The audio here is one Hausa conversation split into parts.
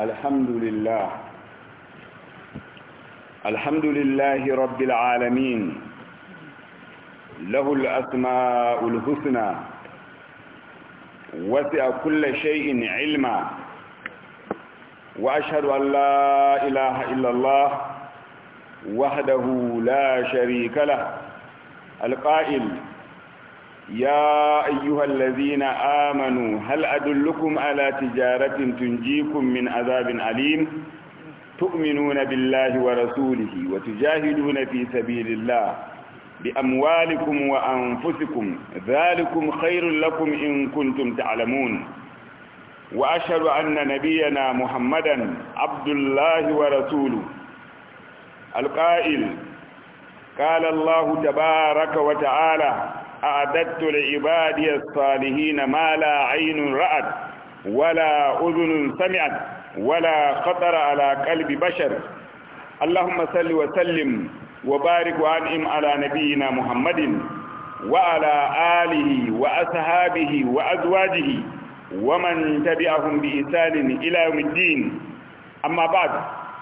الحمد لله الحمد لله رب العالمين له الأسماء الحسنى وسع كل شيء علما وأشهد أن لا إله إلا الله وحده لا شريك له القائل يا أيها الذين آمنوا هل أدلكم على تجارة تنجيكم من عذاب أليم تؤمنون بالله ورسوله وتجاهدون في سبيل الله بأموالكم وأنفسكم ذلكم خير لكم إن كنتم تعلمون وأشهد أن نبينا محمدا عبد الله ورسوله القائل قال الله تبارك وتعالى أعددت لعبادي الصالحين ما لا عين رأت ولا أذن سمعت ولا خطر على قلب بشر اللهم صل وسلم وبارك وأنعم على نبينا محمد وعلى آله وأصحابه وأزواجه ومن تبعهم بإحسان إلى يوم الدين أما بعد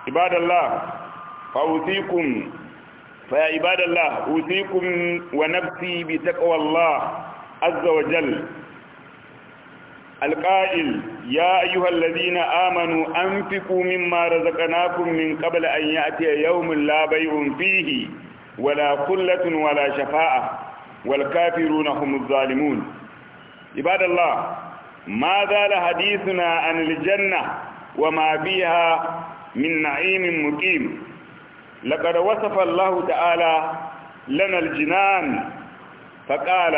عباد الله فأوصيكم فيا عباد الله أوصيكم ونفسي بتقوى الله عز وجل القائل يا أيها الذين آمنوا أنفقوا مما رزقناكم من قبل أن يأتي يوم لا بيع فيه ولا قلة ولا شفاعة والكافرون هم الظالمون عباد الله ما زال حديثنا عن الجنة وما فيها من نعيم مقيم لقد وصف الله تعالى لنا الجنان فقال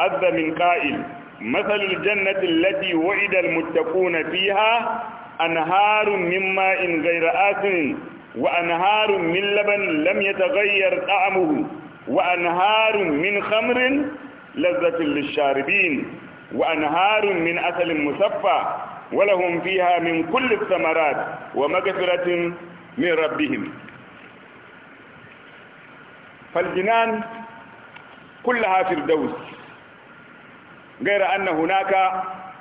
أذى من قائل مثل الجنة التي وعد المتقون فيها أنهار من ماء غير آسن وأنهار من لبن لم يتغير طعمه وأنهار من خمر لذة للشاربين وأنهار من أسل مصفى ولهم فيها من كل الثمرات ومغفرة من ربهم فالجنان كلها فردوس غير أن هناك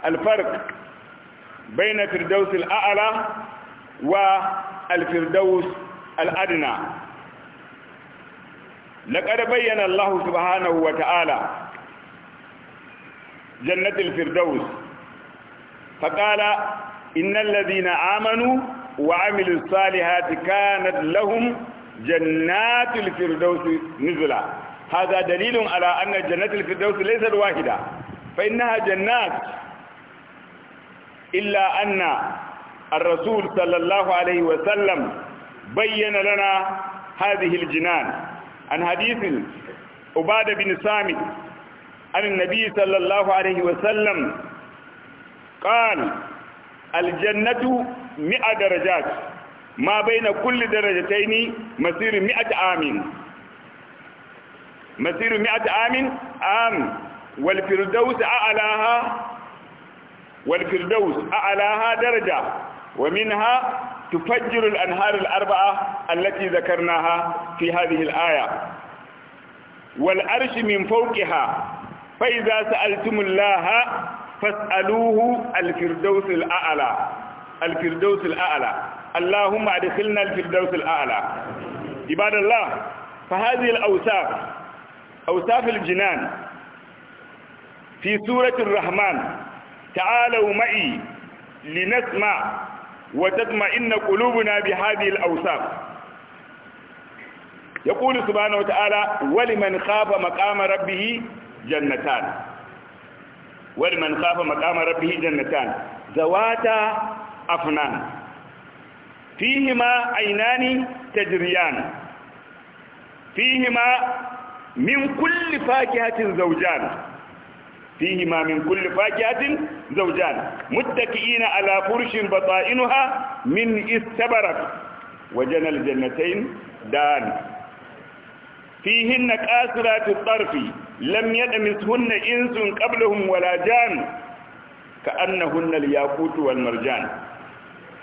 الفرق بين فردوس الأعلى والفردوس الأدنى لقد بين الله سبحانه وتعالى جنة الفردوس فقال إن الذين آمنوا وعملوا الصالحات كانت لهم جنات الفردوس نزلا هذا دليل على أن جنات الفردوس ليست واحدة فإنها جنات إلا أن الرسول صلى الله عليه وسلم بين لنا هذه الجنان عن حديث عبادة بن سامي عن النبي صلى الله عليه وسلم قال الجنة مئة درجات ما بين كل درجتين مسير مئة عام مسير مئة عام عام والفردوس أعلاها والفردوس أعلاها درجة ومنها تفجر الأنهار الأربعة التي ذكرناها في هذه الآية والأرش من فوقها فإذا سألتم الله فاسألوه الفردوس الأعلى الفردوس الأعلى اللهم أدخلنا الفردوس الأعلى عباد الله فهذه الاوساف اوساف الجنان في سورة الرحمن تعالوا معي لنسمع وتطمئن قلوبنا بهذه الاوساف يقول سبحانه وتعالى ولمن خاف مقام ربه جنتان ولمن خاف مقام ربه جنتان ذواتا أفنان فيهما عينان تجريان فيهما من كل فاكهة زوجان فيهما من كل فاكهة زوجان متكئين على فرش بطائنها من استبرق وجنى الجنتين دان فيهن كاسرات الطرف لم يدمسهن إنس قبلهم ولا جان كأنهن الياقوت والمرجان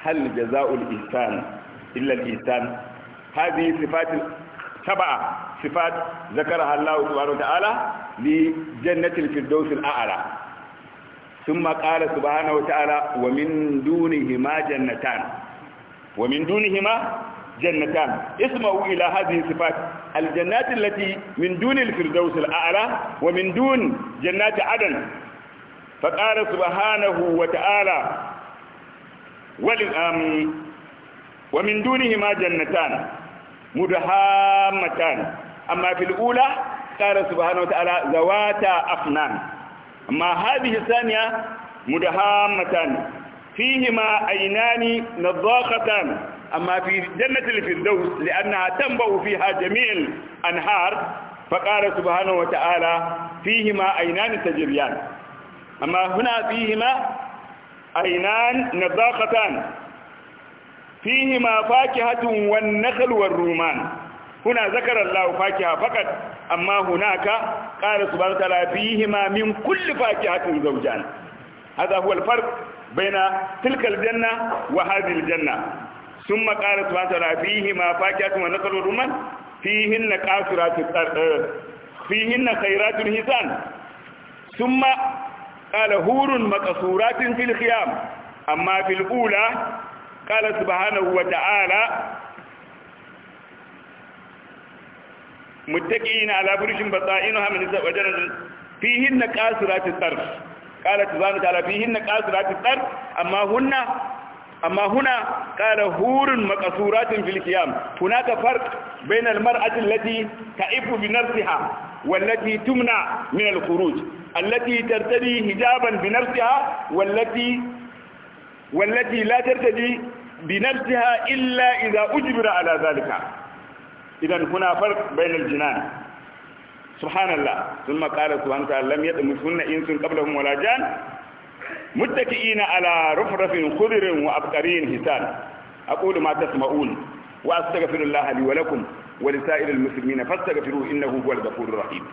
hal jaza'ul ihsan illa al ihsan hadhihi sifat sab'a sifat zakaraha Allah subhanahu wa ta'ala li jannati al firdaus al a'la ثم قال سبحانه وتعالى ومن دونهما جنتان ومن دونهما جنتان اسمعوا إلى هذه الصفات الجنات التي من دون الفردوس الأعلى ومن دون جنات عدن فقال سبحانه وتعالى ومن دونهما جنتان مدهامتان أما في الأولى قال سبحانه وتعالى ذواتا أفنان أما هذه الثانية مدهامتان فيهما عينان نضاختان أما في جنة الفردوس لأنها تنبع فيها جميع الأنهار فقال سبحانه وتعالى فيهما عينان تجريان أما هنا فيهما ainihin na zakatan fihi ma faƙi hatun wani nakalwar roman kuna zakarar lau faƙi ha fakat amma hunaka ƙara su bar tara fihi ma min kulli faƙi hatun zaujan haza huwalfar bai na tilkar janna wa janna sun ma ƙara su bar tara fihi ma faƙi hatun wani nakalwar roman fihin na ƙasura su tsar uh, ɗaya fihin na kairatun hisan sun ma قال هور مقصورات في الخيام أما في الأولى قال سبحانه وتعالى متكئين على فرش بطائنها من وجنة فيهن قاصرات الطرف قالت سبحانه وتعالى فيهن قاصرات الطرف أما هن أما هنا قال هور مقصورات في القيام هناك فرق بين المرأة التي تعف بنفسها والتي تمنع من الخروج التي ترتدي حجابا بنفسها والتي والتي لا ترتدي بنفسها إلا إذا أجبر على ذلك إذا هنا فرق بين الجنان سبحان الله ثم قال سبحانه وتعالى لم يطمثن إنس قبلهم ولا جان متكئين على رفرف خضر وأبقرين حسان أقول ما تسمعون وأستغفر الله لي ولكم ولسائر المسلمين فاستغفروه إنه هو الغفور الرحيم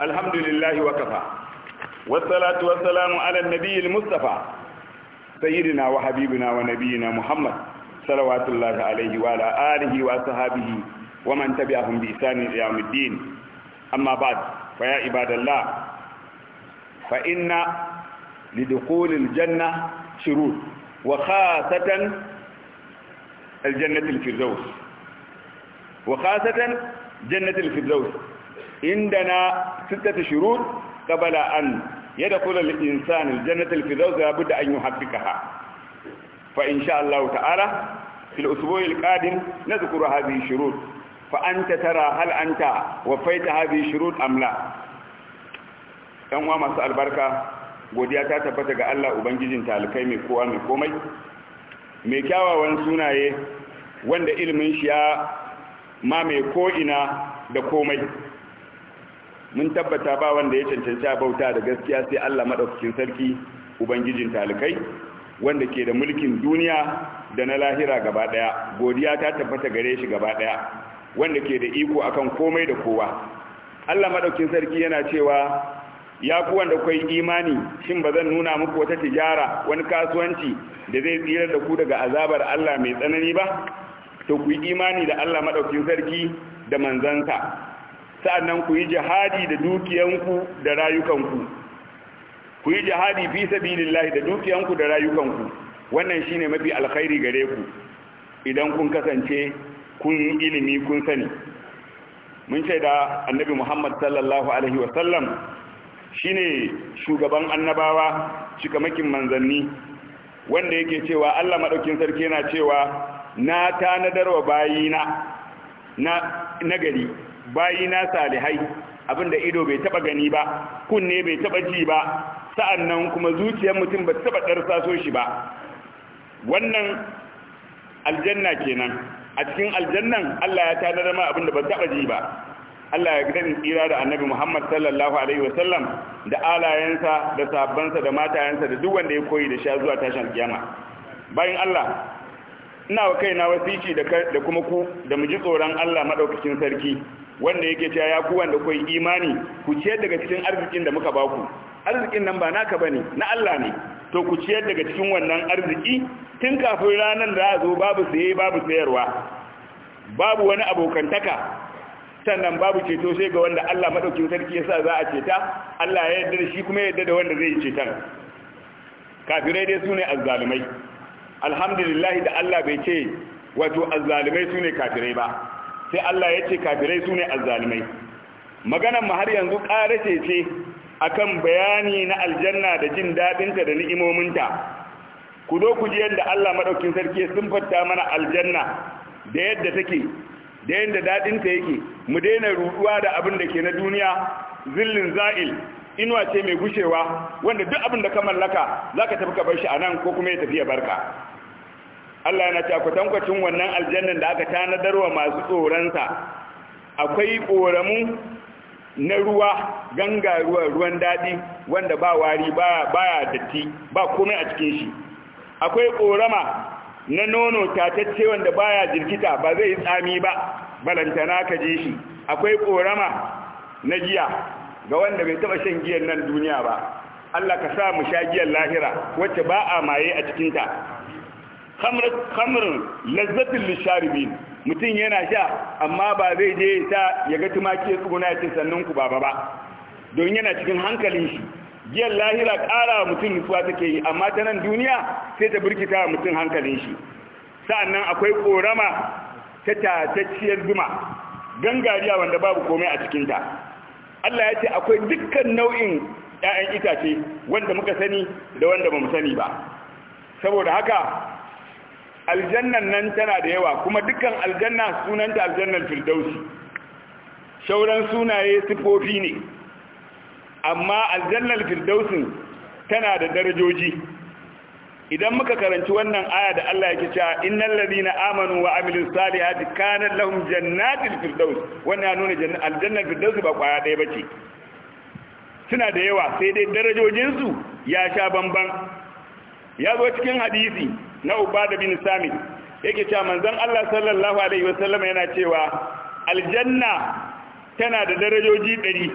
الحمد لله وكفى والصلاة والسلام على النبي المصطفى سيدنا وحبيبنا ونبينا محمد صلوات الله عليه وعلى آله وصحابه ومن تبعهم بإحسان إلى يوم الدين أما بعد فيا عباد الله فإن لدخول الجنة شروط وخاصة الجنة الفردوس وخاصة جنة الفردوس عندنا ستة شروط قبل أن ya da kula insani jannatul firdaus ya budda an yuhaqqiqaha fa insha Allah ta'ala fil usbu'il qadim nadhkuru hadhihi shurut fa anta tara hal anta wafaita hadhihi shurut am la dan uwa masu albarka godiya ta tabbata ga Allah ubangijin talikai mai kowa mai komai mai kyawawan sunaye wanda ilimin shi ya mame ko ina da komai mun tabbata ba wanda ya cancanci a bauta da gaskiya sai Allah Maɗaukin sarki ubangijin talikai wanda ke da mulkin duniya da na lahira gaba ɗaya, godiya ta tabbata gare shi gaba ɗaya, wanda ke da iko akan komai da kowa Allah madaukakin sarki yana cewa ya ku wanda kai imani shin ba zan nuna muku wata tijara wani kasuwanci da zai tsira da ku daga azabar Allah mai tsanani ba to ku imani da Allah Maɗaukin sarki da manzansa sa'annan ku yi jihadi da dukiyanku da rayukanku ku yi jihadi fi lillahi da dukiyanku da rayukanku wannan shi ne mafi alkhairi gare ku idan kun kasance kun ilimi kun sani mun da annabi Muhammad sallallahu alaihi wasallam shi shine shugaban annabawa cikamakin manzanni wanda yake cewa Allah maɗaukin sarki yana cewa na wa bayina na nagari bayi na salihai abinda ido bai taba gani ba kunne bai taba ji ba sa'annan kuma zuciyar mutum ba taba darsaso shi ba wannan aljanna kenan a cikin aljannan Allah ya tanada ma abinda ba taba ji ba Allah ya gidan tsira da annabi Muhammad sallallahu alaihi wasallam da alayensa da sabbansa da matayensa da duk wanda ya koyi da sha zuwa tashin kiyama bayan Allah ina wa kaina wasici da kuma ku da mu ji tsoron Allah madaukakin sarki wanda yake cewa ya ku wanda kai imani ku ciyar daga cikin arzikin da muka baku arzikin nan ba naka bane na Allah ne to ku ciyar daga cikin wannan arziki tun kafin ranar da zo babu saye babu sayarwa babu wani abokantaka sannan babu ceto sai ga wanda Allah madauki sarki yasa za a ceta Allah ya yarda da shi kuma ya yarda da wanda zai ceta kafirai dai sune azzalumai alhamdulillah da Allah bai ce wato azzalumai sune kafirai ba sai Allah ya ce kafirai su ne azzalimai maganan mu har yanzu ƙara ce a kan bayani na aljanna da jin daɗinta da ni'imominta ku do ku ji yadda Allah maɗaukin sarki sun fatta mana aljanna da yadda take da yadda daɗinta yake mu daina ruɗuwa da abin da ke na duniya zillin za'il inuwa ce mai gushewa wanda duk abin da ka mallaka za ka tafi ka bar shi a nan ko kuma ya tafi ya barka Allah yana cewa kwatankwacin wannan aljannan da aka tanadar wa masu tsoronsa akwai ƙoramu na ruwa ganga ruwan daɗi wanda ba wari ba ya datti ba komai a cikin shi akwai ƙorama na nono tatacce wanda ba ya jirkita ba zai tsami ba balantana ka je shi akwai ƙorama na giya ga wanda bai taɓa shan giyan nan duniya ba Allah ka sa mu sha giyan lahira wacce ba a maye a cikinta khamrin lazzatin lisharibin mutum yana sha amma ba zai je ta ya ga tumaki ya tsuguna ya ce sannan ku ba ba don yana cikin hankalin shi giyar lahira ƙara mutum nutsuwa take yi amma ta nan duniya sai ta birkita mutum hankalin shi sa'annan akwai ƙorama ta tatacciyar zuma gangariya wanda babu komai a cikinta Allah ya ce akwai dukkan nau'in 'ya'yan itace wanda muka sani da wanda ba mu sani ba saboda haka aljannan nan tana da yawa kuma dukkan aljanna sunanta aljannar firdausi shauran sunaye sifofi ne amma aljannar firdausin tana da darajoji idan muka karanci wannan aya da Allah yake cewa innal ladina amanu wa amilu salihati kana lahum jannatul firdaus wannan nuna aljannar firdaus ba kwaya daya bace suna da yawa sai dai darajojin su ya sha bamban ya zo cikin hadisi na ubada bin sami yake cewa manzon Allah sallallahu alaihi wasallam yana cewa aljanna tana da darajoji ɗari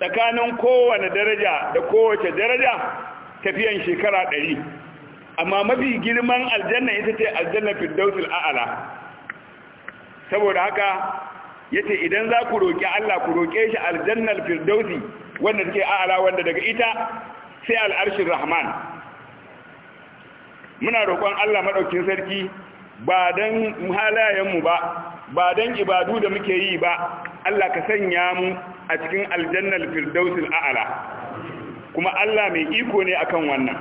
tsakanin kowane daraja da kowace daraja tafiyan shekara ɗari amma mafi girman aljanna ita ce aljanna firdausul a'ala saboda haka yace idan za ku roƙi Allah ku roke shi aljannal firdausi wanda take a'ala wanda daga ita sai al'arshin rahman muna roƙon Allah maɗaukin sarki ba don halayenmu ba ba don ibadu da muke yi ba Allah ka sanya mu a cikin aljannal firdausil a'la kuma Allah mai iko ne akan wannan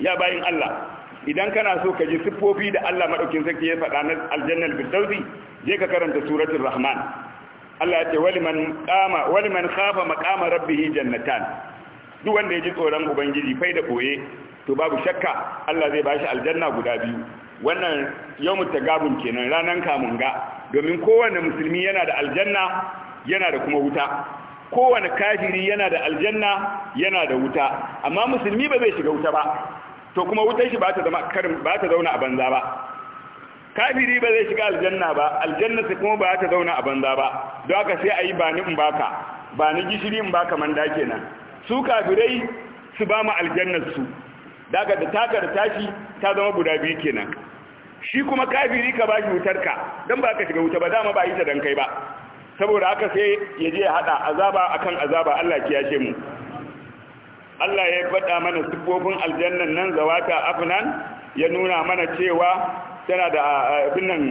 ya bayin Allah idan kana so ka ji siffofi da Allah maɗaukin sarki ya faɗa na aljannal firdausi je ka karanta suratul rahman Allah ya ce waliman qama waliman khafa maqama rabbih jannatan duk wanda ya ji tsoron ubangiji fai da koye to babu shakka Allah zai bashi aljanna guda biyu wannan yawmut tagabun kenan ranan kamun ga domin kowanne musulmi yana da aljanna yana da kuma wuta kowanne kafiri yana da aljanna yana da wuta amma musulmi ba zai shiga wuta ba to kuma wutar shi ba ta zama ba ta zauna a banza ba kafiri ba zai shiga aljanna ba aljanna sai kuma ba ta zauna a banza ba don haka sai a yi ba ni in baka ba ni gishiri in baka manda kenan su kafirai su ba mu aljannar su daga da taka da tashi ta zama guda biyu kenan shi kuma kafiri ka bashi wutar ka don ba ka shiga wuta ba dama ba ita dan kai ba saboda haka sai ya je ya haɗa, azaba akan azaba Allah ya kiyashe mu Allah ya faɗa mana sifofin aljannan nan zawata afnan ya nuna mana cewa tana da abin nan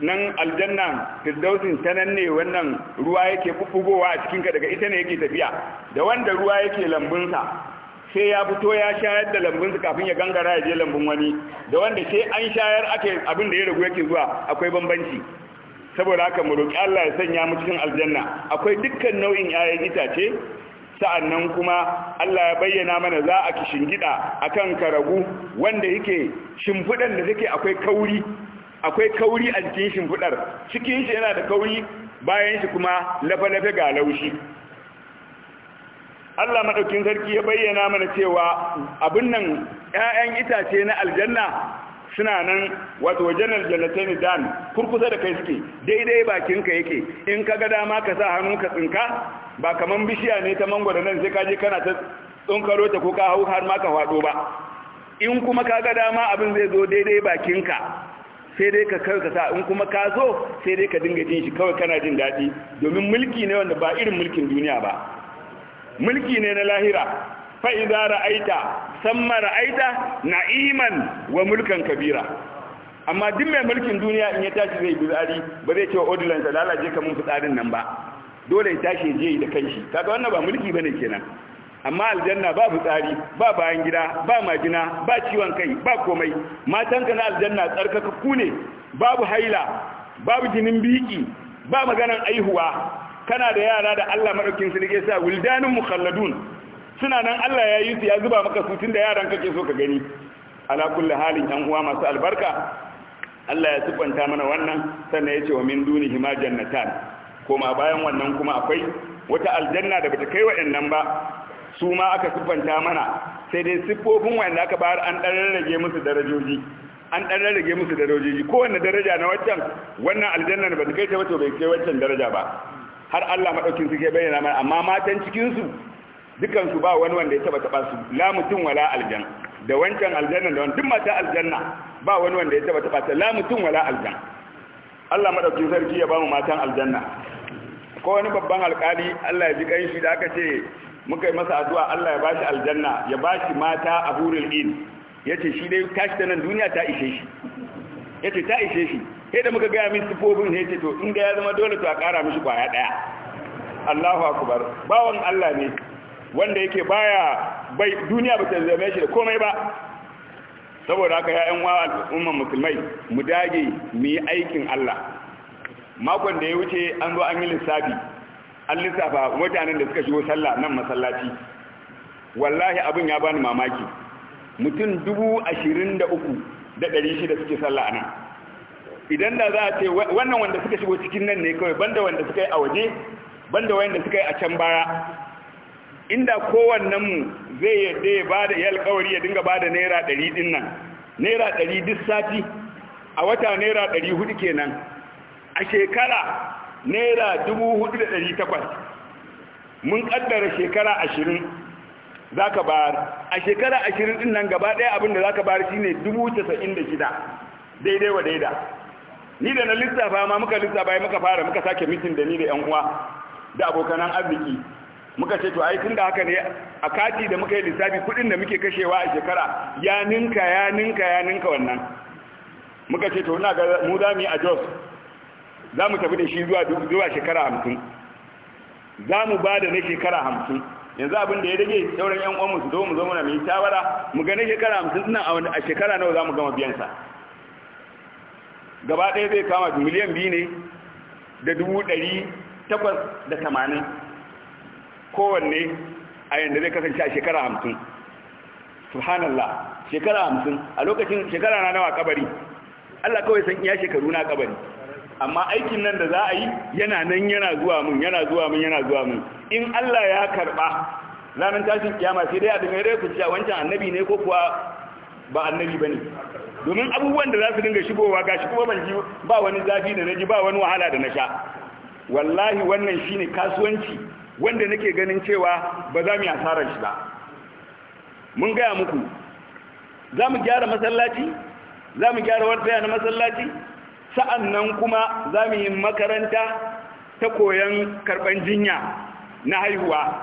nan aljannan firdausin ta ne wannan ruwa yake fufugowa a cikinka daga ita ne yake tafiya da wanda ruwa yake lambunsa sai ya fito ya shayar da lambun kafin ya gangara ya je lambun wani da wanda sai an shayar ake abin da ya ragu yake zuwa akwai bambanci saboda haka mu roki Allah ya sanya mu cikin aljanna akwai dukkan nau'in 'ya'yan itace sa'annan kuma Allah ya bayyana mana za a kishingida akan karagu wanda yake shimfudan da take akwai kauri akwai kauri a cikin shimfudar cikin shi yana da kauri bayan shi kuma lafa-lafe ga laushi Allah madaukin sarki ya bayyana mana cewa abin nan ƴaƴan itace na aljanna suna nan wato wajen aljannatain dan kurkusa da kai suke daidai bakin ka yake in ka ga dama ka sa hannu ka tsinka ba kaman bishiya ne ta mangwaro nan sai ka je kana ta tsinkaro ta ko ka hau har ma ka ba in kuma ka ga dama abin zai zo daidai bakin ka sai dai ka ka sa in kuma ka zo sai dai ka dinga jin shi kawai kana jin daɗi domin mulki ne wanda ba irin mulkin duniya ba mulki ne na lahira fa idza ra'aita samma ra'aita na'iman wa mulkan kabira amma duk mai mulkin duniya in ya tashi zai bi tsari ba zai ce wa ordinance lalace ka mun fitsarin nan ba dole ya tashi je da kanshi kaga wannan ba mulki bane kenan amma aljanna ba fitsari ba bayan gida ba majina ba ciwon kai ba komai matanka na aljanna ku ne babu haila babu jinin biki ba maganan aihuwa kana da yara da Allah madaukin sarki sa wildanun mukhalladun suna nan Allah ya yi su ya zuba maka su tunda yaran kake so ka gani ala kulli halin yan uwa masu albarka Allah ya sifanta mana wannan sannan ya ce wa min dunihi ma jannatan koma bayan wannan kuma akwai wata aljanna da bata kai wa'annan ba su ma aka siffanta mana sai dai siffofin wanda aka bayar an ɗan rarrage musu darajoji an ɗan rarrage musu darajoji kowanne daraja na waccan wannan aljanna ne ba kai ta wato bai kai waccan daraja ba har Allah maɗaukin madaukin suke bayyana mana amma matan cikinsu su ba wani wanda ya taɓa taɓa su la mutum wala aljan da wancan aljanna da wani duk mata aljanna ba wani wanda ya taɓa taɓa ta la mutum wala aljan Allah maɗaukin sarki ya ba mu matan aljanna ko wani babban alƙali Allah ya ji kanshi da aka ce muka yi masa addu'a Allah ya bashi aljanna ya bashi mata a hurul in ya ce shi dai tashi ta nan duniya ta ishe shi ya ce ta ishe shi sai da muka gaya min sifofin ne ce to in ga ya zama dole to a kara mishi kwaya daya Allahu akbar bawan Allah ne wanda yake baya bai duniya ba ta zame shi da komai ba saboda haka ya'yan wa al'umman musulmai mu dage mu yi aikin Allah makon da ya wuce an zo an yi lissafi an lissafa mutanen da suka shigo sallah nan masallaci wallahi abin ya bani mamaki mutum dubu ashirin da uku da ɗari shida suke sallah a nan idan da za a ce wannan wanda suka shigo cikin nan ne kawai banda wanda suka yi a waje banda wanda suka yi a can baya inda kowannenmu zai yadda ya ba da yal kawari ya dinga ba da naira ɗari ɗin nan naira ɗari duk sati a wata naira ɗari hudu kenan a shekara naira dubu hudu da ɗari takwas mun ƙaddara shekara ashirin za ka bayar a shekara ashirin ɗin nan gaba ɗaya abinda za ka bayar ne dubu casa'in da shida daidai wa daida ni da na lissafa ma muka lissafa muka fara muka sake mitin da ni da yan uwa da abokanan arziki muka ce to ai tun da haka ne a kati da muka yi lissafi kudin da muke kashewa a shekara ya ninka ya ninka ya ninka wannan muka ce to ina ga mu za mu yi a jos za mu tafi da shi zuwa shekara hamsin za mu ba da na shekara hamsin yanzu abin da ya dage sauran yan uwanmu su zo mu zo muna mai shawara mu ga na shekara hamsin ina a shekara nawa za mu gama biyansa gaba ɗaya zai kama miliyan biyu ne da dubu ɗari takwas da tamanin kowanne a yadda zai kasance a shekara hamsin subhanallah shekara hamsin a lokacin shekara na nawa kabari Allah kawai san iya shekaru na kabari amma aikin nan da za a yi yana nan yana zuwa mun yana zuwa mun yana zuwa mun in Allah ya karba ranar tashin kiyama sai dai a dinga rai ku cewa wancan annabi ne ko kuwa ba annabi ba ne. domin abubuwan da za su dinga shigowa ga shi kuma ban ba wani zafi da na ji ba wani wahala da na sha wallahi wannan shine kasuwanci wanda nake ganin cewa ba za mu yi asarar shi ba mun gaya muku za mu gyara masallaci za mu gyara wata na masallaci nan kuma za mu yi makaranta ta koyon karɓar jinya na haihuwa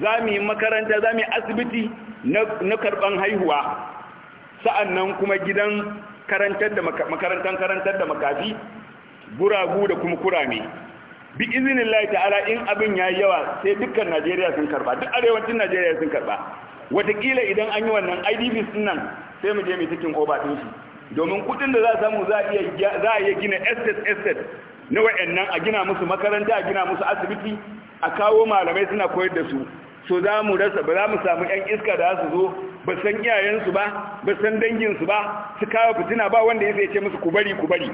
za mu yi makaranta za mu yi asibiti na karɓar haihuwa sa'an nan kuma gidan karantar makarantar karantar da makafi guragu da kuma kurame bi izinin lai ta'ala in abin ya yi yawa sai dukkan najeriya sun karba duk arewacin najeriya sun karba watakila idan an yi wannan idp sun nan sai mu je mai cikin oba din domin kudin da za a samu za a iya gina estate estet na wayannan a gina musu makaranta a gina musu asibiti a kawo malamai suna koyar da su so za mu rasa ba za mu samu yan iska da za su zo ba san iyayensu ba ba san danginsu ba su kawo fitina ba wanda ya ce musu ku bari ku bari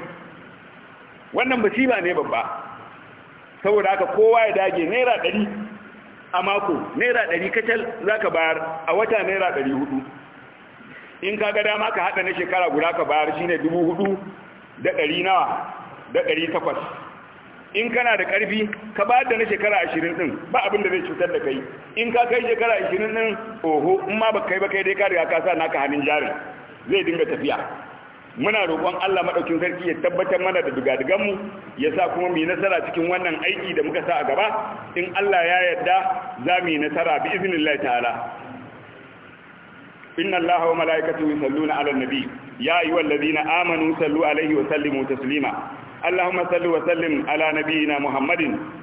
wannan ba ba ne babba saboda haka kowa ya dage naira ɗari a mako naira ɗari kacal za ka bayar a wata naira ɗari hudu in ka ga dama ka haɗa na shekara guda ka bayar shine dubu hudu da ɗari nawa da ɗari takwas in kana da ƙarfi ka ba da na shekara ashirin ɗin ba abin da zai cutar da kai in ka kai shekara ashirin ɗin, oho in ma ba kai ba kai dai ka riga ka sa naka hannun jari. zai dinga tafiya muna roƙon Allah maɗaukin sarki ya tabbatar mana da dugadugan ya sa kuma mai nasara cikin wannan aiki da muka sa a gaba in Allah ya yarda za mu yi nasara bi lai ta'ala inna allaha wa sallu na 'alan nabi ya Ladina amanu sallu 'alaihi wa sallimu taslima اللهم صل وسلم على نبينا محمد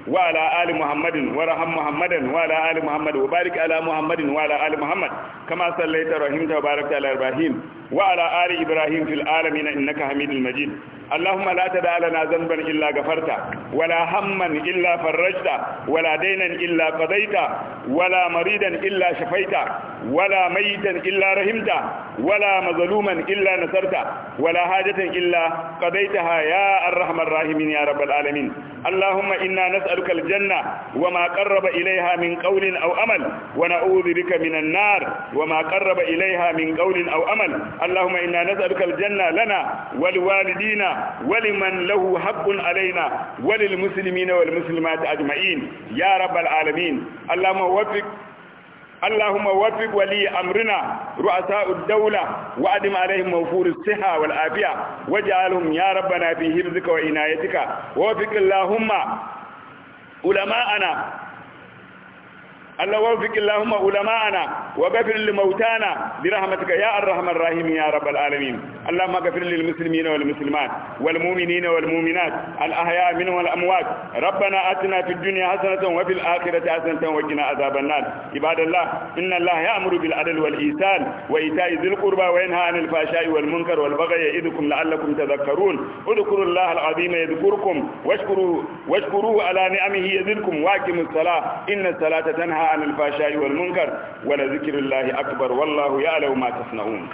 وعلى آل محمد ورحم محمدا وعلى آل محمد وبارك على محمد وعلى آل محمد كما صليت رحمت وباركت على إبراهيم وعلى آل إبراهيم في العالمين إنك حميد مجيد اللهم لا تدع لنا ذنبا إلا غفرته ولا هما إلا فرجته ولا دينا إلا قضيته ولا مريدا إلا شفيته ولا ميتا إلا رحمته ولا مظلوما إلا نصرته ولا حاجة إلا قضيتها يا الرحمن الراحمين يا رب العالمين اللهم إنا نسأل نسألك الجنة وما قرب إليها من قول أو أمل ونعوذ بك من النار وما قرب إليها من قول أو أمل اللهم إنا نسألك الجنة لنا ولوالدينا ولمن له حق علينا وللمسلمين والمسلمات أجمعين يا رب العالمين اللهم وفق اللهم وفق ولي أمرنا رؤساء الدولة وأدم عليهم موفور الصحة والعافية واجعلهم يا ربنا في حفظك وعنايتك ووفق اللهم ana? الله وفق اللهم علماءنا وغفر لموتانا برحمتك يا الرحمن الرحيم يا رب العالمين اللهم اغفر للمسلمين والمسلمات والمؤمنين والمؤمنات الاحياء منهم والاموات ربنا اتنا في الدنيا حسنه وفي الاخره حسنه وقنا عذاب النار عباد الله ان الله يامر بالعدل والايثان وايتاء ذي القربى وينهى عن الفحشاء والمنكر والبغي يعظكم لعلكم تذكرون اذكروا الله العظيم يذكركم واشكروه واشكروه على نعمه يزدكم واقيموا الصلاه ان الصلاه تنهى وتنهى عن الفحشاء والمنكر ولذكر الله أكبر والله يعلم ما تصنعون